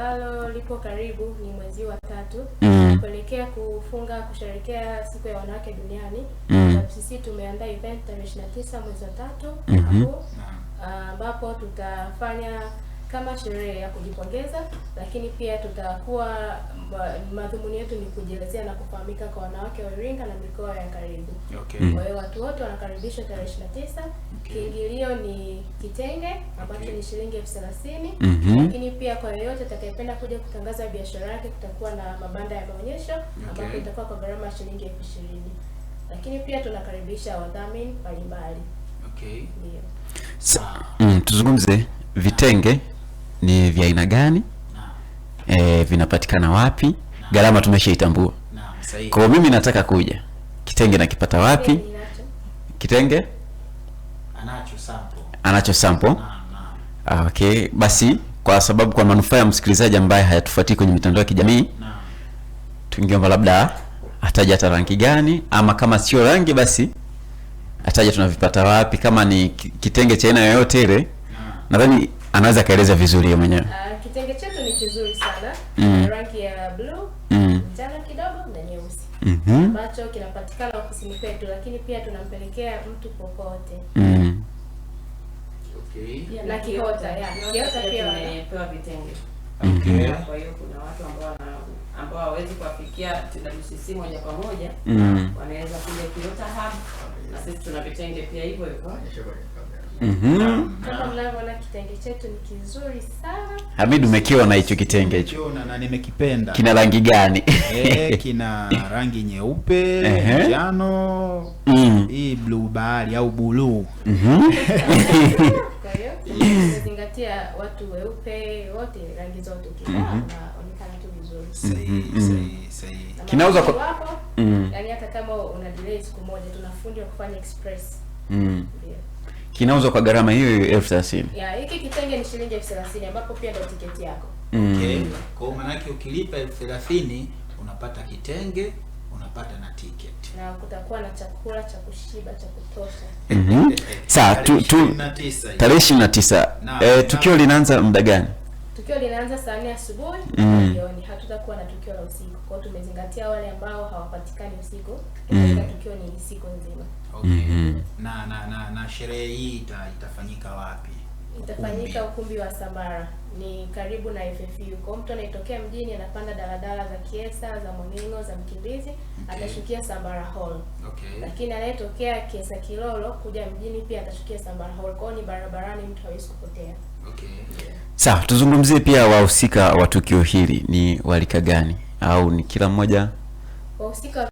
ambalo lipo karibu ni mwezi wa tatu mm. kuelekea kufunga kusherekea siku ya wanawake duniani mm. sisi tumeandaa event tarehe 29 mwezi wa tatu mm-hmm. ambapo mm -hmm. tutafanya kama sherehe ya kujipongeza, lakini pia tutakuwa madhumuni yetu ni kujielezea na kufahamika kwa wanawake wa Iringa na mikoa ya karibu. Okay. Kwa hiyo mm. watu wote wanakaribishwa tarehe 29. Okay. Kiingilio ni kitenge ambacho okay, ni shilingi elfu thelathini. Mm -hmm. Lakini pia kwa yeyote atakayependa kuja kutangaza biashara yake kutakuwa na mabanda ya maonyesho okay, ambapo itakuwa kwa gharama ya shilingi elfu ishirini. Lakini pia tunakaribisha wadhamini mbalimbali. Okay. Ndio. Sa, mm, tuzungumze vitenge ni vya aina gani e, vinapatikana wapi, gharama tumeshaitambua. kwao mimi nataka kuja kitenge nakipata wapi? Kitenge, Anacho sample, anacho sample. Ah, okay basi, kwa sababu kwa manufaa ya msikilizaji ambaye hayatufuatii kwenye mitandao ya kijamii tungiomba labda ataja hata rangi gani, ama kama sio rangi basi ataja tunavipata wapi, kama ni kitenge cha aina yoyote ile nadhani anaweza akaeleza vizuri yeye mwenyewe. Uh, kitenge chetu ni kizuri sana mm. rangi ya blue mm. njano kidogo na nyeusi mm -hmm. ambacho kinapatikana ofisini kwetu, lakini pia tunampelekea mtu popote mm. okay. na kiota kiota pia wanapewa vitenge okay. Kwa hiyo kuna watu ambao ambao hawawezi kuwafikia TWCC moja kwa moja mm. wanaweza kuja Kiota Hub na sisi tuna vitenge pia hivyo hivyo Mm kitenge chetu ni kizuri sana. Hamid, umekiona hicho kitenge hicho? Na nimekipenda. Kina rangi gani? Eh, kina rangi nyeupe, njano, mm. hii blue bahari au buluu. Mhm. Kwa zingatia watu weupe wote rangi zote kila mm -hmm. onekana tu vizuri. Sahihi, mhm. sahihi, mm. sahihi. Kinauza kwa Mhm. Yaani hata kama una delay siku moja tuna fundi wa kufanya express. Mhm. Ndio kinauzwa kwa gharama hiyo hiyo elfu thelathini. Yeah, hiki kitenge ni shilingi elfu thelathini ambapo pia ndio tiketi yako. Mm. Okay. Kwa maana yake ukilipa elfu thelathini unapata kitenge, unapata na ticket. Na kutakuwa na chakula cha kushiba cha kutosha. Mhm. Mm Sawa, tu, tu tarehe 29. Eh, tukio linaanza muda gani? tukio linaanza saa nne asubuhi mm. jioni, hatutakuwa na tukio la usiku. Kwa hiyo tumezingatia wale ambao hawapatikani usiku, tunaweka mm. tukio ni siku nzima. Okay. Mm -hmm. na na na, na sherehe hii ita, itafanyika wapi? itafanyika ukumbi wa Samara, ni karibu na FFU. Kwa mtu anaitokea mjini anapanda daladala za Kiesa, za Mwaning'o, za Mkimbizi, okay. atashukia Samara Hall. Okay. Lakini anayetokea Kiesa Kilolo kuja mjini pia atashukia Samara Hall. Kwao ni barabarani, mtu hawezi kupotea. Okay. Yeah. Sawa, tuzungumzie pia wahusika wa tukio hili ni walika gani au ni kila mmoja wahusika